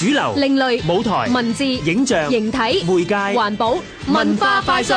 主流、另類舞台、文字、影像、形體、媒介、環保、文化、快訊、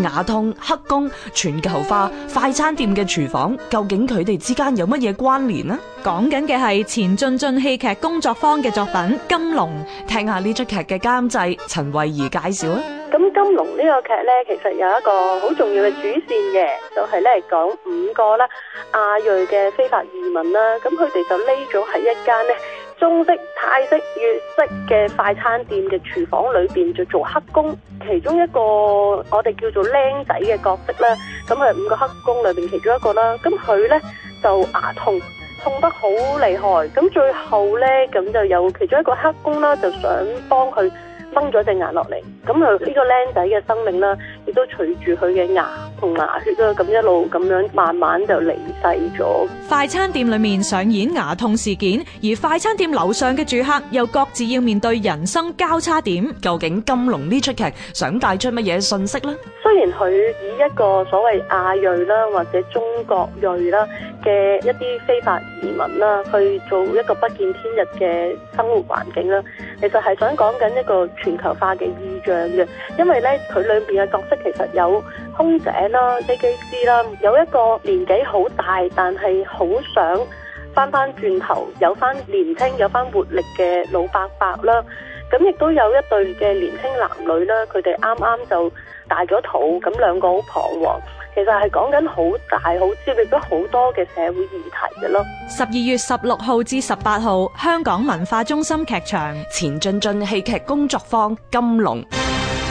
牙痛、黑工、全球化、快餐店嘅廚房，究竟佢哋之間有乜嘢關聯呢？講緊嘅係前進進戲劇工作坊嘅作品《金龍》，聽下呢出劇嘅監製陳慧儀介紹啊。咁《金龍》呢個劇咧，其實有一個好重要嘅主線嘅，就係咧講五個啦亞裔嘅非法移民啦，咁佢哋就匿咗喺一間咧。中式、泰式、粵式嘅快餐店嘅廚房裏邊就做黑工，其中一個我哋叫做僆仔嘅角色啦。咁係五個黑工裏邊其中一個啦。咁佢呢就牙痛，痛得好厲害。咁最後呢，咁就有其中一個黑工啦，就想幫佢掹咗隻牙落嚟。咁佢呢個僆仔嘅生命啦。亦都隨住佢嘅牙同牙血咯，咁一路咁樣慢慢就離世咗。快餐店裏面上演牙痛事件，而快餐店樓上嘅住客又各自要面對人生交叉點。究竟金龍呢出劇想帶出乜嘢信息呢？雖然佢以一個所謂亞裔啦，或者中國裔啦嘅一啲非法移民啦，去做一個不見天日嘅生活環境啦，其實係想講緊一個全球化嘅意象嘅，因為呢，佢裏面嘅角色。其實有空姐啦、飛機師啦，有一個年紀好大但係好想翻翻轉頭有翻年輕有翻活力嘅老伯伯啦，咁亦都有一對嘅年輕男女啦，佢哋啱啱就大咗肚，咁兩個好彷徨。其實係講緊好大好接力咗好多嘅社會議題嘅咯。十二月十六號至十八號，香港文化中心劇場，前進進戲劇工作坊《金龍》。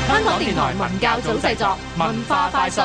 香港電台文教組製作《文化快訊》。